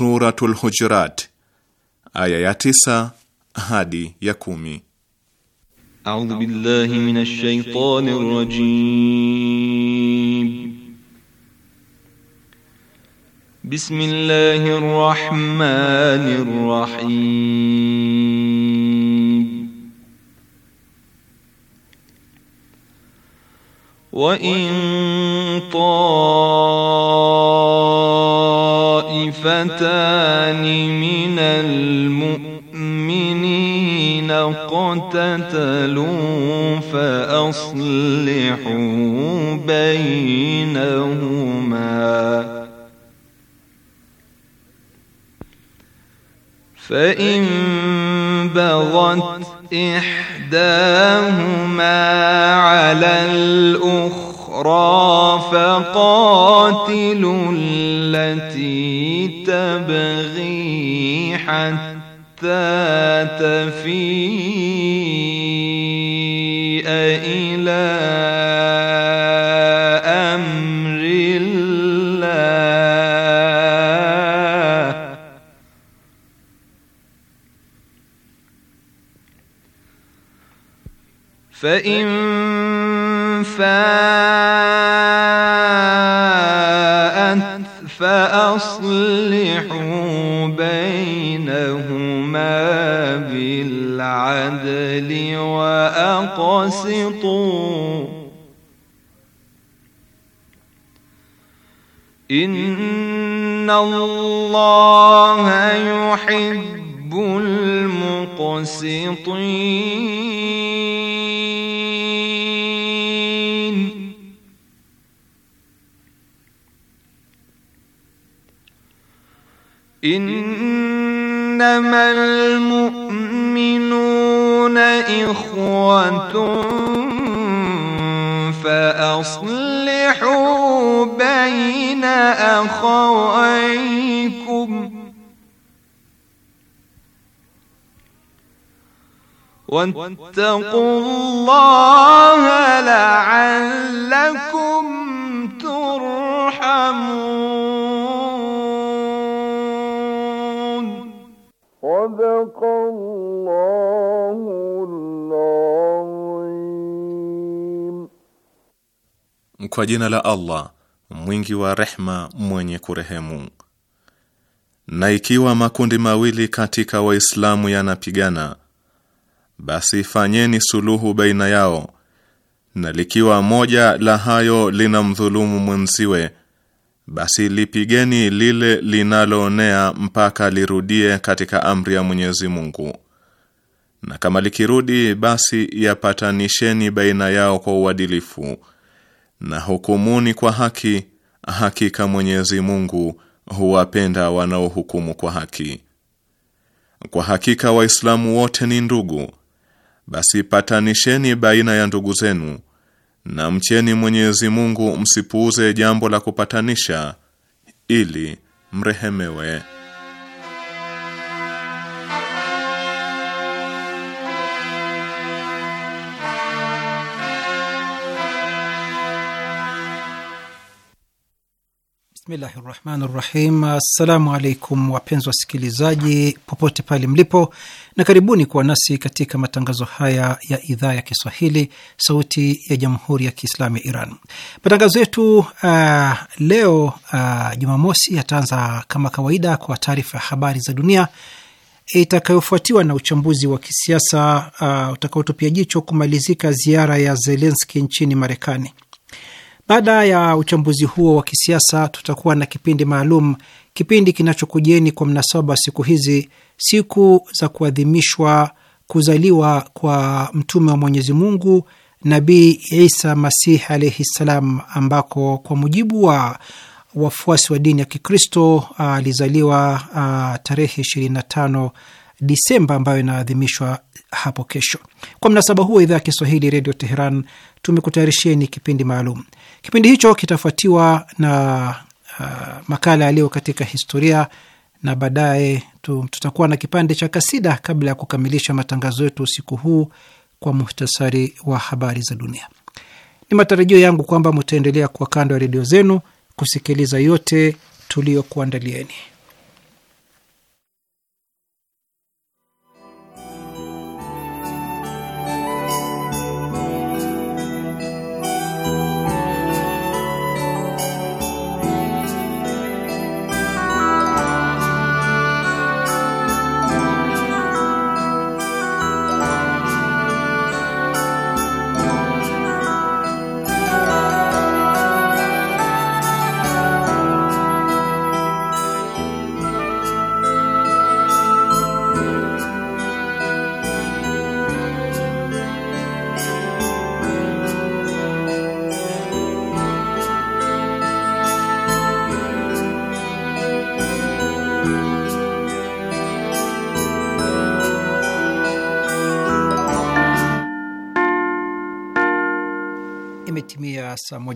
Suratul Hujurat aya ya tisa hadi ya kumi. A'udhu billahi minash shaitani rajim. Bismillahir rahmanir rahim. Wa in ta خفيفتان من المؤمنين قتتلوا فأصلحوا بينهما فإن بغت إحداهما على الأخرى أخرى فقاتلوا التي تبغي حتى تفيء إلى أمر الله فإن فات وأصلحوا بينهما بالعدل وأقسطوا إن الله يحب المقسطين إنما المؤمنون إخوة فأصلحوا بين أخويكم واتقوا الله لعلكم Kwa jina la Allah mwingi wa rehma mwenye kurehemu. Na ikiwa makundi mawili katika Waislamu yanapigana, basi fanyeni suluhu baina yao, na likiwa moja la hayo linamdhulumu mwenziwe basi lipigeni lile linaloonea mpaka lirudie katika amri ya Mwenyezi Mungu, na kama likirudi, basi yapatanisheni baina yao kwa uadilifu na hukumuni kwa haki. Hakika Mwenyezi Mungu huwapenda wanaohukumu kwa haki. Kwa hakika Waislamu wote ni ndugu, basi patanisheni baina ya ndugu zenu na mcheni Mwenyezi Mungu, msipuuze jambo la kupatanisha ili mrehemewe. Bismillahi rahmani rahim. Assalamu alaikum wapenzi wasikilizaji popote pale mlipo, na karibuni kuwa nasi katika matangazo haya ya idhaa ya Kiswahili sauti ya jamhuri ya Kiislamu ya Iran. Matangazo yetu uh, leo uh, Jumamosi yataanza kama kawaida kwa taarifa ya habari za dunia itakayofuatiwa na uchambuzi wa kisiasa uh, utakaotupia jicho kumalizika ziara ya Zelenski nchini Marekani. Baada ya uchambuzi huo wa kisiasa, tutakuwa na kipindi maalum, kipindi kinachokujieni kwa mnasaba siku hizi, siku za kuadhimishwa kuzaliwa kwa mtume wa Mwenyezi Mungu Nabii Isa Masih alaihi ssalam, ambako kwa mujibu wa wafuasi wa dini ya Kikristo alizaliwa tarehe 25 Disemba ambayo inaadhimishwa hapo kesho. Kwa mnasaba huo, idhaa ya Kiswahili Redio Teheran tumekutayarishieni kipindi maalum. Kipindi hicho kitafuatiwa na uh, makala yaliyo katika historia na baadaye tutakuwa na kipande cha kasida kabla ya kukamilisha matangazo yetu usiku huu kwa muhtasari wa habari za dunia. Ni matarajio yangu kwamba mtaendelea kuwa kando ya redio zenu kusikiliza yote tuliyokuandalieni.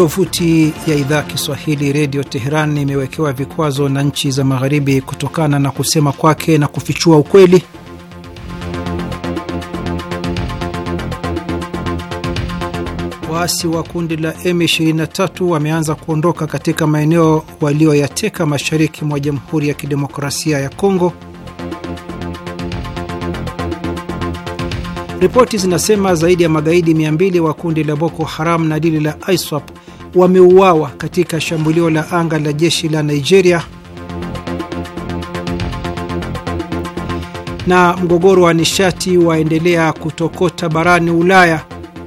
Tovuti ya idhaa Kiswahili Redio Teheran imewekewa vikwazo na nchi za Magharibi kutokana na kusema kwake na kufichua ukweli. Waasi wa kundi la M23 wameanza kuondoka katika maeneo walioyateka mashariki mwa Jamhuri ya Kidemokrasia ya Kongo. Ripoti zinasema zaidi ya magaidi 200 wa kundi la Boko Haram na dili la ISWAP wameuawa katika shambulio la anga la jeshi la Nigeria, na mgogoro wa nishati waendelea kutokota barani Ulaya.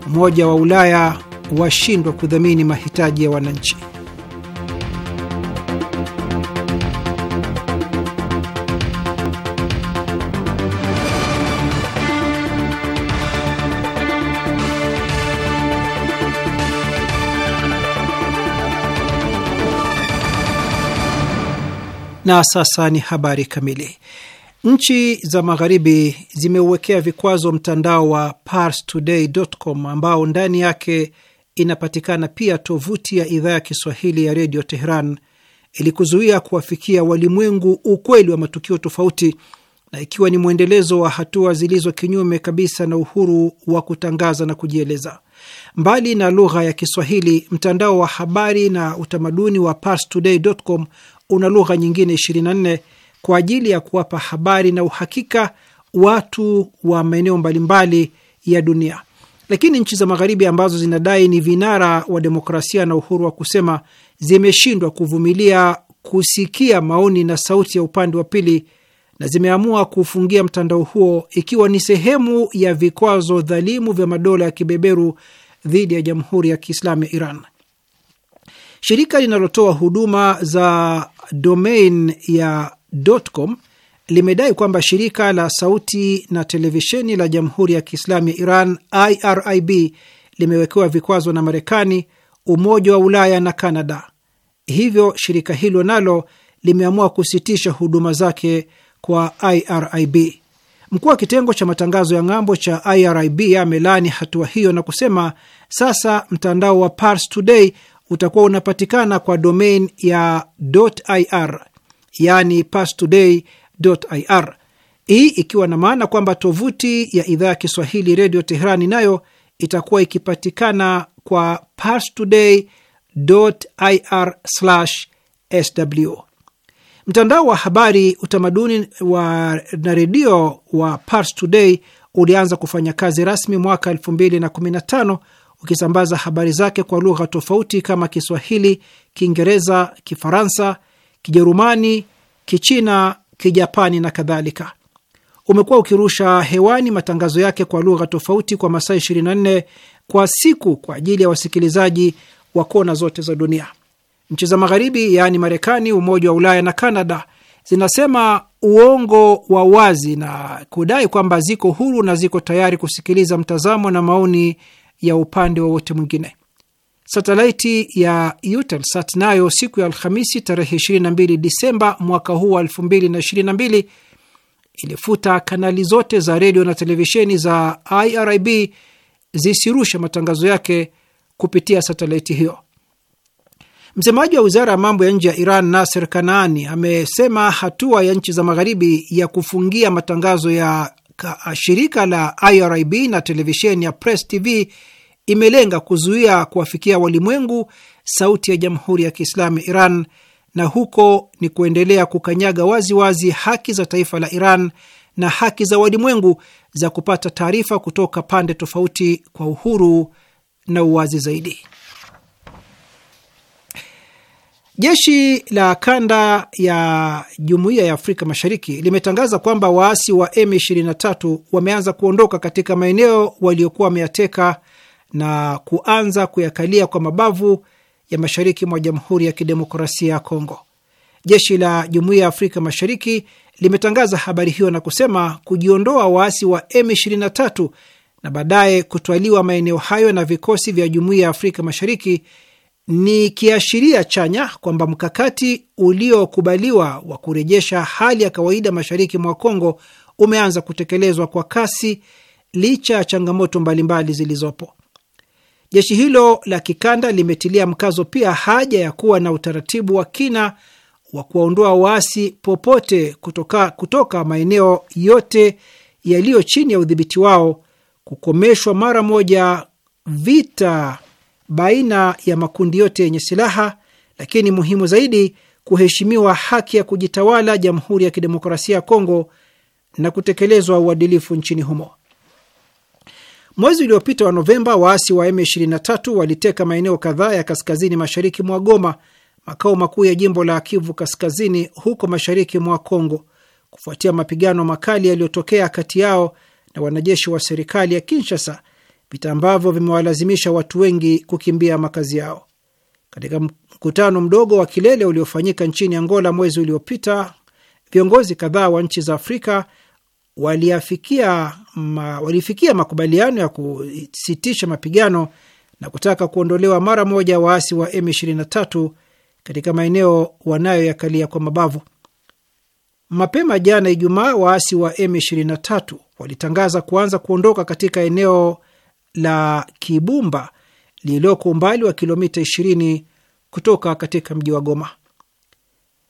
Umoja wa Ulaya washindwa kudhamini mahitaji ya wananchi. Na sasa ni habari kamili. Nchi za magharibi zimeuwekea vikwazo mtandao wa parstoday.com ambao ndani yake inapatikana pia tovuti ya idhaa ya Kiswahili ya redio Teheran ili kuzuia kuwafikia walimwengu ukweli wa matukio tofauti, na ikiwa ni mwendelezo wa hatua zilizo kinyume kabisa na uhuru wa kutangaza na kujieleza. Mbali na lugha ya Kiswahili, mtandao wa habari na utamaduni wa parstoday.com una lugha nyingine 24 kwa ajili ya kuwapa habari na uhakika watu wa maeneo mbalimbali ya dunia. Lakini nchi za Magharibi ambazo zinadai ni vinara wa demokrasia na uhuru wa kusema zimeshindwa kuvumilia kusikia maoni na sauti ya upande wa pili na zimeamua kufungia mtandao huo ikiwa ni sehemu ya vikwazo dhalimu vya madola ya kibeberu dhidi ya Jamhuri ya Kiislamu ya Iran. Shirika linalotoa huduma za domain ya .com limedai kwamba shirika la sauti na televisheni la Jamhuri ya Kiislamu ya Iran IRIB limewekewa vikwazo na Marekani, Umoja wa Ulaya na Kanada. Hivyo shirika hilo nalo limeamua kusitisha huduma zake kwa IRIB. Mkuu wa kitengo cha matangazo ya ng'ambo cha IRIB amelaani hatua hiyo na kusema sasa mtandao wa Pars Today utakuwa unapatikana kwa domain ya .ir, yani pastoday.ir. Hii ikiwa na maana kwamba tovuti ya idhaa ya Kiswahili Redio Teherani nayo itakuwa ikipatikana kwa pastoday.ir/sw. Mtandao wa habari, utamaduni wa na redio wa Pars Today ulianza kufanya kazi rasmi mwaka 2015 ukisambaza habari zake kwa lugha tofauti kama Kiswahili, Kiingereza, Kifaransa, Kijerumani, Kichina, Kijapani na kadhalika. Umekuwa ukirusha hewani matangazo yake kwa lugha tofauti kwa masaa 24 kwa siku kwa ajili ya wasikilizaji wa kona zote za dunia. Nchi za Magharibi, yaani Marekani, Umoja wa Ulaya na Kanada zinasema uongo wa wazi na kudai kwamba ziko huru na ziko tayari kusikiliza mtazamo na maoni ya upande wowote mwingine. Satelaiti ya Eutelsat nayo siku ya Alhamisi tarehe 22 Disemba mwaka huu wa 2022 ilifuta kanali zote za redio na televisheni za IRIB zisirushe matangazo yake kupitia satelaiti hiyo. Msemaji wa wizara ya mambo ya nje ya Iran, Naser Kanaani, amesema hatua ya nchi za magharibi ya kufungia matangazo ya shirika la IRIB na televisheni ya Press TV imelenga kuzuia kuwafikia walimwengu sauti ya Jamhuri ya Kiislamu Iran, na huko ni kuendelea kukanyaga waziwazi wazi haki za taifa la Iran na haki za walimwengu za kupata taarifa kutoka pande tofauti kwa uhuru na uwazi zaidi. Jeshi la kanda ya Jumuiya ya Afrika Mashariki limetangaza kwamba waasi wa M23 wameanza kuondoka katika maeneo waliokuwa wameyateka na kuanza kuyakalia kwa mabavu ya mashariki mwa Jamhuri ya Kidemokrasia ya Kongo. Jeshi la Jumuiya ya Afrika Mashariki limetangaza habari hiyo na kusema kujiondoa waasi wa M23 na baadaye kutwaliwa maeneo hayo na vikosi vya Jumuiya ya Afrika Mashariki ni kiashiria chanya kwamba mkakati uliokubaliwa wa kurejesha hali ya kawaida mashariki mwa Kongo umeanza kutekelezwa kwa kasi licha ya changamoto mbalimbali zilizopo. Jeshi hilo la kikanda limetilia mkazo pia haja ya kuwa na utaratibu wa kina wa kuwaondoa waasi popote kutoka, kutoka maeneo yote yaliyo chini ya udhibiti wao, kukomeshwa mara moja vita baina ya makundi yote yenye silaha, lakini muhimu zaidi, kuheshimiwa haki ya kujitawala Jamhuri ya Kidemokrasia ya Kongo na kutekelezwa uadilifu nchini humo. Mwezi uliopita wa Novemba, waasi wa M23 waliteka maeneo kadhaa ya kaskazini mashariki mwa Goma, makao makuu ya jimbo la Kivu Kaskazini, huko mashariki mwa Kongo, kufuatia mapigano makali yaliyotokea kati yao na wanajeshi wa serikali ya Kinshasa, vita ambavyo vimewalazimisha watu wengi kukimbia makazi yao. Katika mkutano mdogo wa kilele uliofanyika nchini Angola mwezi uliopita, viongozi kadhaa wa nchi za Afrika waliafikia ma, walifikia makubaliano ya kusitisha mapigano na kutaka kuondolewa mara moja waasi wa M23 katika maeneo wanayoyakalia kwa mabavu. Mapema jana Ijumaa, waasi wa M23 walitangaza kuanza kuondoka katika eneo la Kibumba lililoko umbali wa kilomita 20 kutoka katika mji wa Goma.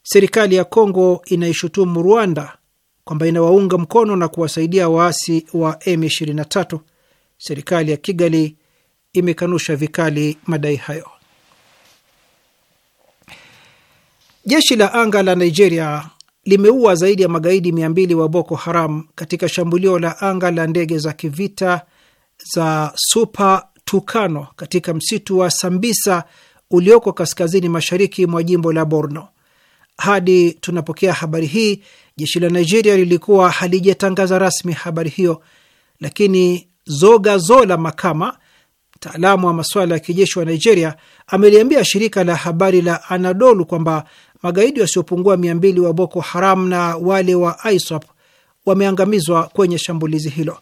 Serikali ya Kongo inaishutumu Rwanda kwamba inawaunga mkono na kuwasaidia waasi wa M23. Serikali ya Kigali imekanusha vikali madai hayo. Jeshi la anga la Nigeria limeua zaidi ya magaidi 200 wa Boko Haram katika shambulio la anga la ndege za kivita za Super Tukano katika msitu wa Sambisa ulioko kaskazini mashariki mwa jimbo la Borno. Hadi tunapokea habari hii, Jeshi la Nigeria lilikuwa halijatangaza rasmi habari hiyo, lakini Zoga Zola Makama, mtaalamu wa masuala ya kijeshi wa Nigeria, ameliambia shirika la habari la Anadolu kwamba magaidi wasiopungua mia mbili wa Boko Haram na wale wa ISWAP wameangamizwa kwenye shambulizi hilo.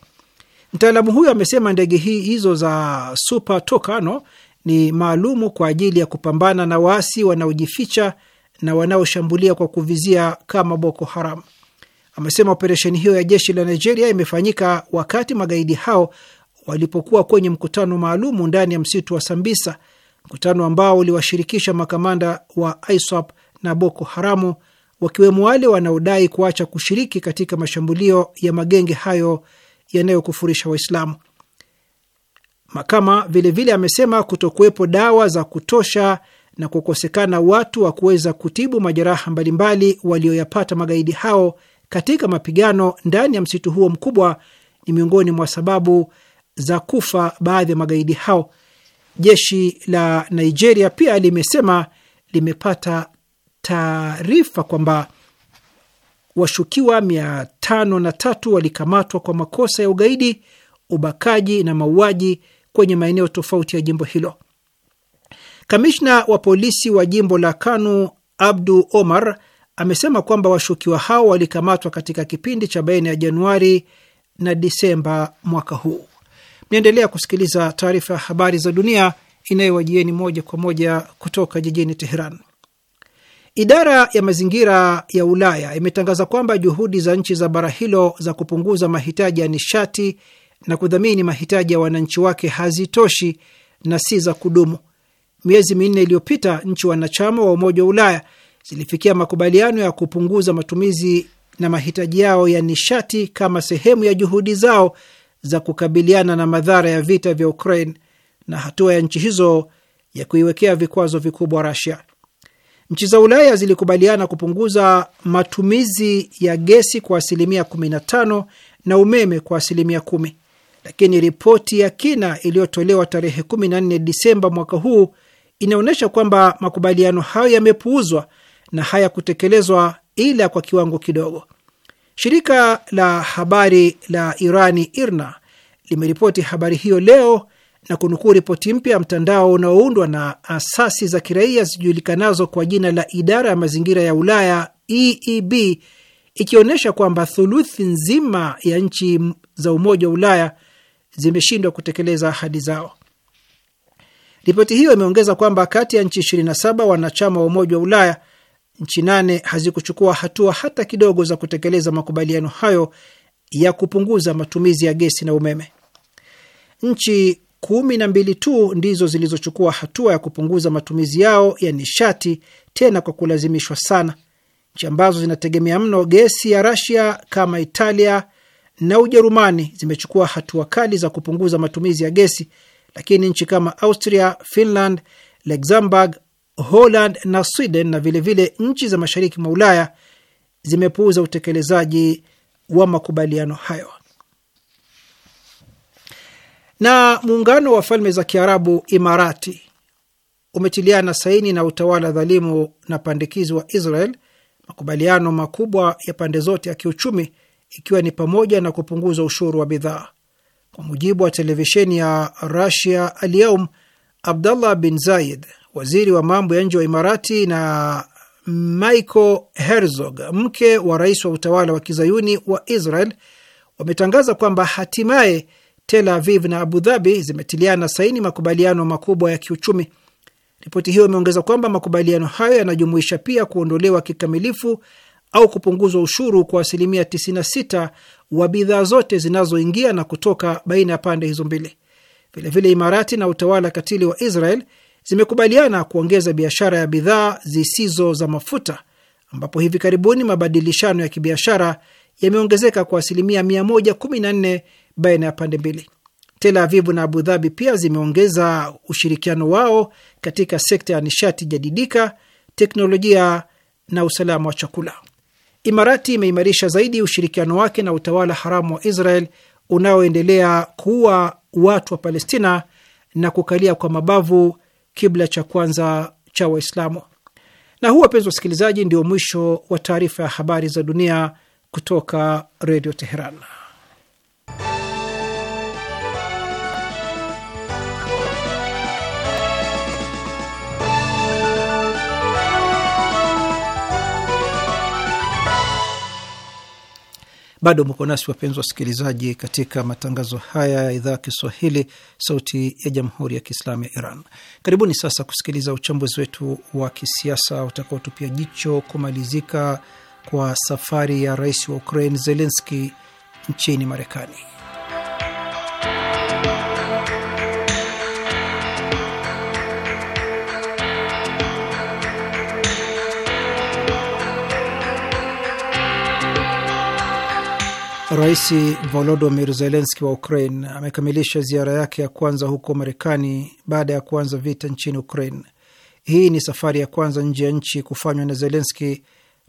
Mtaalamu huyo amesema ndege hizo za Super Tucano ni maalumu kwa ajili ya kupambana na waasi wanaojificha na wanaoshambulia kwa kuvizia kama Boko Haram. Amesema operesheni hiyo ya jeshi la Nigeria imefanyika wakati magaidi hao walipokuwa kwenye mkutano maalumu ndani ya msitu wa Sambisa, mkutano ambao uliwashirikisha makamanda wa ISWAP na Boko Haramu, wakiwemo wale wanaodai kuacha kushiriki katika mashambulio ya magenge hayo yanayokufurisha Waislamu. Makama vilevile vile amesema kutokuwepo dawa za kutosha na kukosekana watu wa kuweza kutibu majeraha mbalimbali walioyapata magaidi hao katika mapigano ndani ya msitu huo mkubwa ni miongoni mwa sababu za kufa baadhi ya magaidi hao. Jeshi la Nigeria pia limesema limepata taarifa kwamba washukiwa mia tano na tatu walikamatwa kwa makosa ya ugaidi, ubakaji na mauaji kwenye maeneo tofauti ya jimbo hilo. Kamishna wa polisi wa jimbo la Kanu Abdu Omar amesema kwamba washukiwa hao walikamatwa katika kipindi cha baina ya Januari na Disemba mwaka huu. Mnaendelea kusikiliza taarifa ya habari za dunia inayowajieni moja kwa moja kutoka jijini Teheran. Idara ya mazingira ya Ulaya imetangaza kwamba juhudi za nchi za bara hilo za kupunguza mahitaji ya nishati na kudhamini mahitaji ya wananchi wake hazitoshi na si za kudumu miezi minne iliyopita nchi wanachama wa Umoja wa Ulaya zilifikia makubaliano ya kupunguza matumizi na mahitaji yao ya nishati kama sehemu ya juhudi zao za kukabiliana na madhara ya vita vya Ukraine na hatua ya nchi hizo ya kuiwekea vikwazo vikubwa Russia. Nchi za Ulaya zilikubaliana kupunguza matumizi ya gesi kwa asilimia 15 na umeme kwa asilimia 10, lakini ripoti ya kina iliyotolewa tarehe 14 Disemba mwaka huu inaonyesha kwamba makubaliano hayo yamepuuzwa na hayakutekelezwa ila kwa kiwango kidogo. Shirika la habari la Irani IRNA limeripoti habari hiyo leo na kunukuu ripoti mpya ya mtandao unaoundwa na asasi za kiraia zijulikanazo kwa jina la idara ya mazingira ya Ulaya EEB ikionyesha kwamba thuluthi nzima ya nchi za Umoja wa Ulaya zimeshindwa kutekeleza ahadi zao. Ripoti hiyo imeongeza kwamba kati ya nchi 27 wanachama wa Umoja wa Ulaya, nchi nane hazikuchukua hatua hata kidogo za kutekeleza makubaliano hayo ya kupunguza matumizi ya gesi na umeme. Nchi kumi na mbili tu ndizo zilizochukua hatua ya kupunguza matumizi yao ya nishati, tena kwa kulazimishwa sana. Nchi ambazo zinategemea mno gesi ya Rasia kama Italia na Ujerumani zimechukua hatua kali za kupunguza matumizi ya gesi lakini nchi kama Austria, Finland, Luxembourg, Holland na Sweden na vilevile vile nchi za mashariki mwa Ulaya zimepuuza utekelezaji wa makubaliano hayo. Na muungano wa falme za Kiarabu Imarati umetiliana saini na utawala dhalimu na pandikizi wa Israel makubaliano makubwa ya pande zote ya kiuchumi, ikiwa ni pamoja na kupunguza ushuru wa bidhaa. Kwa mujibu wa televisheni ya Russia Alyaum, abdullah bin Zayed, waziri wa mambo ya nje wa Imarati, na Michael Herzog, mke wa rais wa utawala wa kizayuni wa Israel, wametangaza kwamba hatimaye Tel Aviv na Abu Dhabi zimetiliana saini makubaliano makubwa ya kiuchumi. Ripoti hiyo imeongeza kwamba makubaliano hayo yanajumuisha pia kuondolewa kikamilifu au kupunguzwa ushuru kwa asilimia 96 wa bidhaa zote zinazoingia na kutoka baina ya pande hizo mbili. Vilevile, Imarati na utawala katili wa Israel zimekubaliana kuongeza biashara ya bidhaa zisizo za mafuta, ambapo hivi karibuni mabadilishano ya kibiashara yameongezeka kwa asilimia 114 baina ya pande mbili. Tel Avivu na Abu Dhabi pia zimeongeza ushirikiano wao katika sekta ya nishati jadidika, teknolojia na usalama wa chakula. Imarati imeimarisha zaidi ushirikiano wake na utawala haramu wa Israel unaoendelea kuua watu wa Palestina na kukalia kwa mabavu kibla cha kwanza cha Waislamu. Na huu, wapenzi usikilizaji, ndio mwisho wa taarifa ya habari za dunia kutoka Redio Teheran. Bado mko nasi wapenzi wasikilizaji, katika matangazo haya ya idhaa ya Kiswahili, sauti ya jamhuri ya kiislamu ya Iran. Karibuni sasa kusikiliza uchambuzi wetu wa kisiasa utakaotupia jicho kumalizika kwa safari ya rais wa Ukraine Zelenski nchini Marekani. Rais volodomir Zelenski wa Ukraine amekamilisha ziara yake ya kwanza huko Marekani baada ya kuanza vita nchini Ukraine. Hii ni safari ya kwanza nje ya nchi kufanywa na Zelenski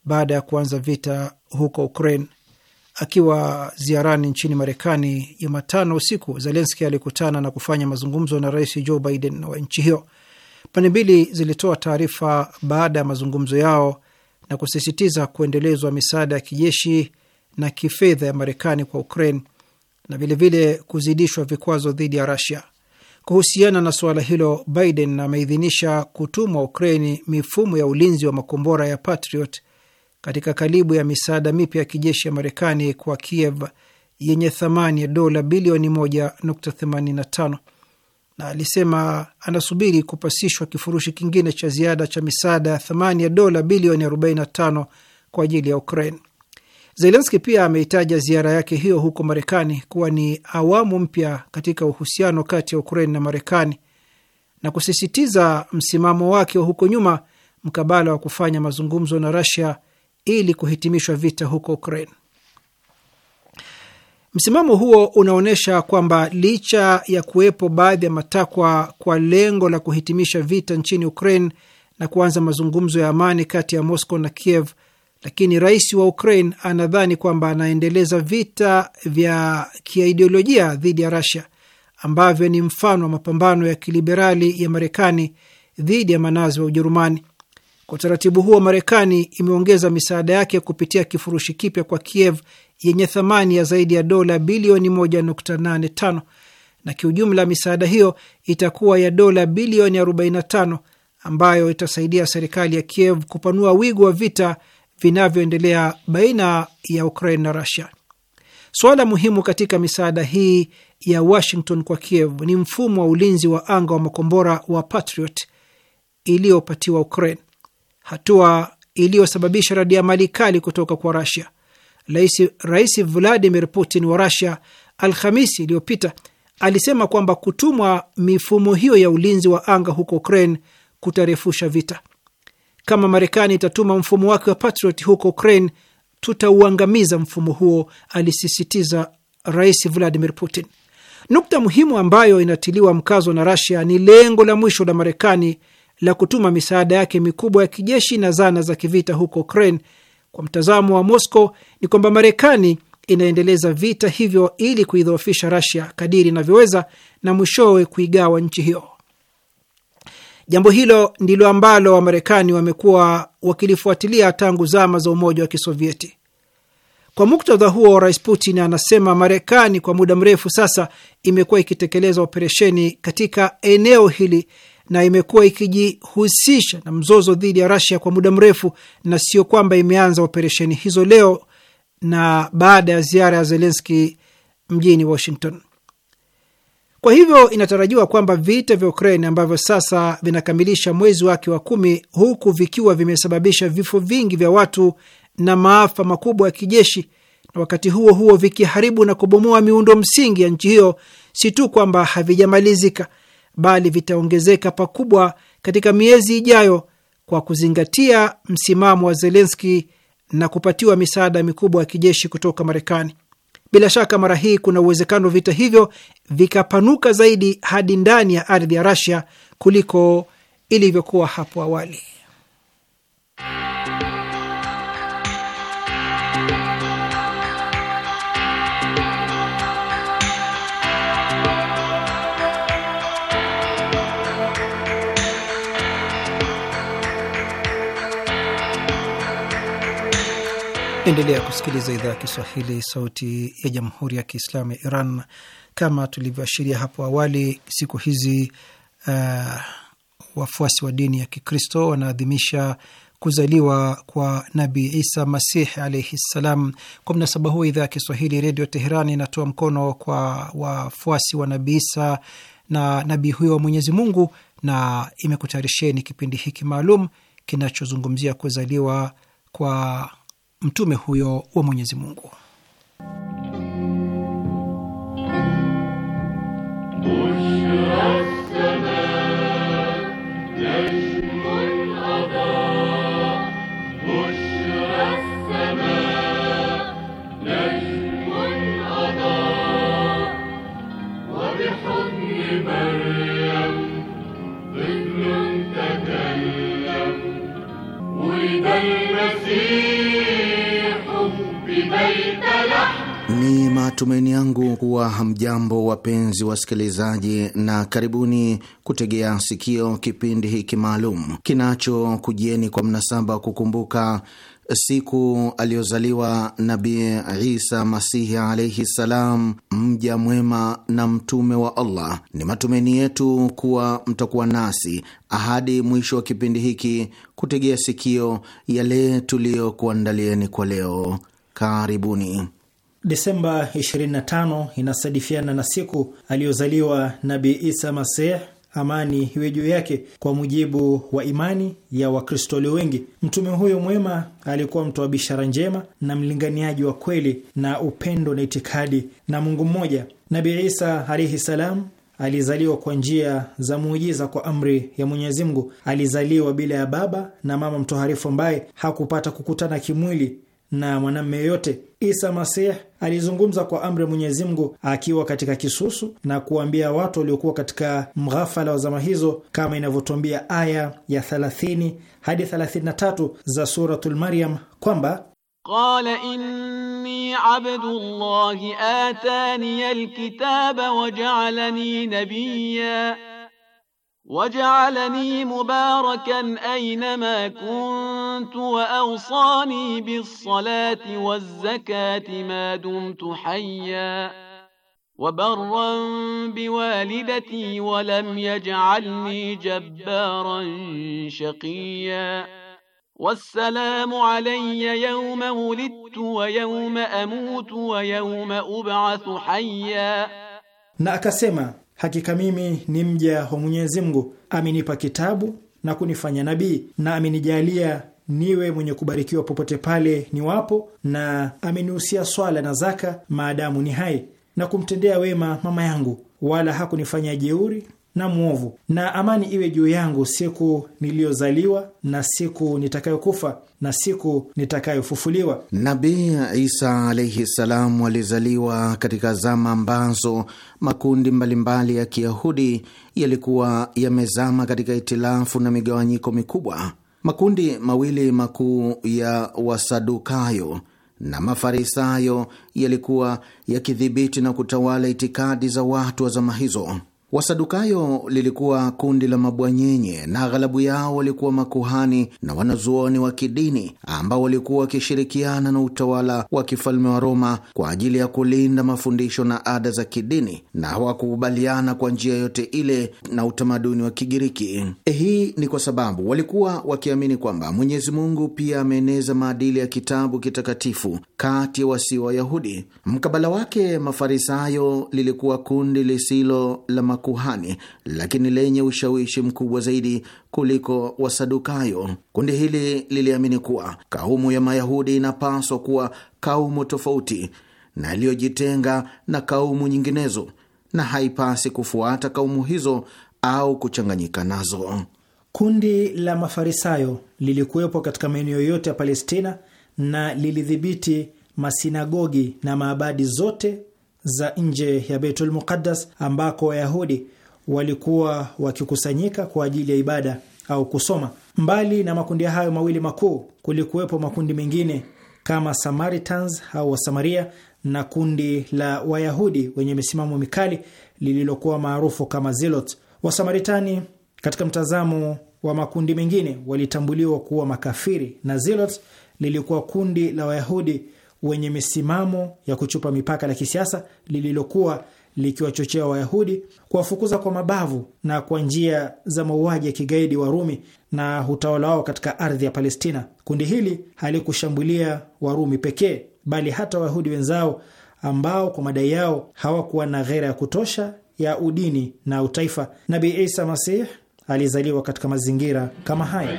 baada ya kuanza vita huko Ukraine. Akiwa ziarani nchini Marekani Jumatano usiku, Zelenski alikutana na kufanya mazungumzo na Rais Joe Biden wa nchi hiyo. Pande mbili zilitoa taarifa baada ya mazungumzo yao na kusisitiza kuendelezwa misaada ya kijeshi na kifedha ya Marekani kwa Ukraine na vilevile kuzidishwa vikwazo dhidi ya Rusia. Kuhusiana na suala hilo, Biden ameidhinisha kutumwa Ukraini mifumo ya ulinzi wa makombora ya Patriot katika kalibu ya misaada mipya ya kijeshi ya Marekani kwa Kiev yenye thamani ya dola bilioni 1.85 na alisema anasubiri kupasishwa kifurushi kingine cha ziada cha misaada ya thamani ya dola bilioni 45 kwa ajili ya Ukraine. Zelenski pia ameitaja ziara yake hiyo huko Marekani kuwa ni awamu mpya katika uhusiano kati ya Ukraini na Marekani na kusisitiza msimamo wake wa huko nyuma mkabala wa kufanya mazungumzo na rasia ili kuhitimishwa vita huko Ukraine. Msimamo huo unaonyesha kwamba licha ya kuwepo baadhi ya matakwa kwa lengo la kuhitimisha vita nchini Ukraine na kuanza mazungumzo ya amani kati ya Moscow na Kiev lakini rais wa Ukraine anadhani kwamba anaendeleza vita vya kiaidiolojia dhidi ya Russia ambavyo ni mfano wa mapambano ya kiliberali ya Marekani dhidi ya manazi wa Ujerumani. Kwa utaratibu huo, Marekani imeongeza misaada yake kupitia kifurushi kipya kwa Kiev yenye thamani ya zaidi ya dola bilioni 1.85 na kiujumla misaada hiyo itakuwa ya dola bilioni 45 ambayo itasaidia serikali ya Kiev kupanua wigo wa vita vinavyoendelea baina ya Ukraine na Rusia. Suala muhimu katika misaada hii ya Washington kwa Kiev ni mfumo wa ulinzi wa anga wa makombora wa Patriot iliyopatiwa Ukraine, hatua iliyosababisha mali kali kutoka kwa rasia Rais, Rais Vladimir Putin wa rasia Alhamisi iliyopita alisema kwamba kutumwa mifumo hiyo ya ulinzi wa anga huko Ukraine kutarefusha vita. Kama Marekani itatuma mfumo wake wa Patriot huko Ukraine, tutauangamiza mfumo huo, alisisitiza Rais Vladimir Putin. Nukta muhimu ambayo inatiliwa mkazo na rasia ni lengo la mwisho la Marekani la kutuma misaada yake mikubwa ya kijeshi na zana za kivita huko Ukraine. Kwa mtazamo wa Moscow ni kwamba Marekani inaendeleza vita hivyo ili kuidhoofisha rasia kadiri inavyoweza na mwishowe kuigawa nchi hiyo. Jambo hilo ndilo ambalo Wamarekani wamekuwa wakilifuatilia tangu zama za Umoja wa Kisovieti. Kwa muktadha huo, Rais Putin anasema Marekani kwa muda mrefu sasa imekuwa ikitekeleza operesheni katika eneo hili na imekuwa ikijihusisha na mzozo dhidi ya rasia kwa muda mrefu, na sio kwamba imeanza operesheni hizo leo na baada ya ziara ya zelenski mjini Washington. Kwa hivyo inatarajiwa kwamba vita vya Ukraine ambavyo sasa vinakamilisha mwezi wake wa kumi, huku vikiwa vimesababisha vifo vingi vya watu na maafa makubwa ya kijeshi, na wakati huo huo vikiharibu na kubomoa miundo msingi ya nchi hiyo, si tu kwamba havijamalizika, bali vitaongezeka pakubwa katika miezi ijayo, kwa kuzingatia msimamo wa Zelenski na kupatiwa misaada mikubwa ya kijeshi kutoka Marekani. Bila shaka mara hii kuna uwezekano vita hivyo vikapanuka zaidi hadi ndani ya ardhi ya Russia kuliko ilivyokuwa hapo awali. Endelea kusikiliza idhaa ya Kiswahili, sauti ya jamhuri ya kiislamu ya Iran. Kama tulivyoashiria hapo awali, siku hizi uh, wafuasi wa dini ya Kikristo wanaadhimisha kuzaliwa kwa Nabi Isa Masih alaihi ssalam. Kwa mnasaba huo, idhaa ya Kiswahili Redio Teheran inatoa mkono kwa wafuasi wa Nabi Isa na nabii huyo wa Mwenyezi Mungu, na imekutayarisheni kipindi hiki maalum kinachozungumzia kuzaliwa kwa mtume huyo wa Mwenyezi Mungu. Ni matumaini yangu kuwa hamjambo wapenzi wasikilizaji, na karibuni kutegea sikio kipindi hiki maalum kinachokujieni kwa mnasaba kukumbuka siku aliyozaliwa Nabii Isa Masihi alaihi ssalam, mja mwema na mtume wa Allah. Ni matumaini yetu kuwa mtakuwa nasi ahadi mwisho wa kipindi hiki kutegea sikio yale tuliyokuandalieni kwa leo. Karibuni. Desemba 25 inasadifiana na siku aliyozaliwa Nabi Isa Masih, amani iwe juu yake. Kwa mujibu wa imani ya Wakristo walio wengi, mtume huyo mwema alikuwa mtoa bishara njema na mlinganiaji wa kweli na upendo na itikadi na Mungu mmoja. Nabi Isa alaihi salam alizaliwa kwa njia za muujiza kwa amri ya Mwenyezi Mungu. Alizaliwa bila ya baba na mama mtoharifu ambaye hakupata kukutana kimwili na mwanamume yeyote. Isa Masih alizungumza kwa amri ya Mwenyezi Mungu akiwa katika kisusu na kuambia watu waliokuwa katika mghafala wa zama hizo, kama inavyotuambia aya ya 30 hadi 33 za Suratul Maryam kwamba Qala inni alkitaba waja'alani nabiyya وجعلني مباركا أينما كنت وأوصاني بالصلاة والزكاة ما دمت حيا وبرا بوالدتي ولم يجعلني جبارا شقيا والسلام علي يوم ولدت ويوم أموت ويوم أبعث حيا na Hakika mimi ni mja wa Mwenyezi Mungu, amenipa kitabu na kunifanya nabii na amenijalia niwe mwenye kubarikiwa popote pale niwapo, na amenihusia swala na zaka maadamu ni hai, na kumtendea wema mama yangu, wala hakunifanya jeuri na mwovu, na amani iwe juu yangu siku niliyozaliwa na siku nitakayokufa na siku nitakayofufuliwa. Nabii Isa alaihi salamu alizaliwa katika zama ambazo makundi mbalimbali ya Kiyahudi yalikuwa yamezama katika itilafu na migawanyiko mikubwa. Makundi mawili makuu ya Wasadukayo na Mafarisayo yalikuwa yakidhibiti na kutawala itikadi za watu wa zama hizo. Wasadukayo lilikuwa kundi la mabwanyenye na aghalabu yao walikuwa makuhani na wanazuoni wa kidini ambao walikuwa wakishirikiana na utawala wa kifalme wa Roma kwa ajili ya kulinda mafundisho na ada za kidini na hawakukubaliana kwa njia yote ile na utamaduni wa Kigiriki. Eh, hii ni kwa sababu walikuwa wakiamini kwamba Mwenyezi Mungu pia ameeneza maadili ya kitabu kitakatifu kati ya wasio Wayahudi. Mkabala wake, Mafarisayo lilikuwa kundi lisilo la makuhani, lakini lenye ushawishi mkubwa zaidi kuliko Wasadukayo. Kundi hili liliamini kuwa kaumu ya Mayahudi inapaswa kuwa kaumu tofauti na iliyojitenga na kaumu nyinginezo, na haipasi kufuata kaumu hizo au kuchanganyika nazo. Kundi la Mafarisayo lilikuwepo katika maeneo yote ya Palestina na lilidhibiti masinagogi na maabadi zote za nje ya Beitul Muqaddas ambako Wayahudi walikuwa wakikusanyika kwa ajili ya ibada au kusoma. Mbali na makundi hayo mawili makuu, kulikuwepo makundi mengine kama Samaritans au Wasamaria na kundi la Wayahudi wenye misimamo mikali lililokuwa maarufu kama Zilot. Wasamaritani katika mtazamo wa makundi mengine walitambuliwa kuwa makafiri na Zilot lilikuwa kundi la Wayahudi wenye misimamo ya kuchupa mipaka la kisiasa lililokuwa likiwachochea Wayahudi kuwafukuza kwa mabavu na kwa njia za mauaji ya kigaidi Warumi na utawala wao katika ardhi ya Palestina. Kundi hili halikushambulia Warumi pekee, bali hata Wayahudi wenzao ambao kwa madai yao hawakuwa na ghera ya kutosha ya udini na utaifa. nabi Isa Masih alizaliwa katika mazingira kama haya.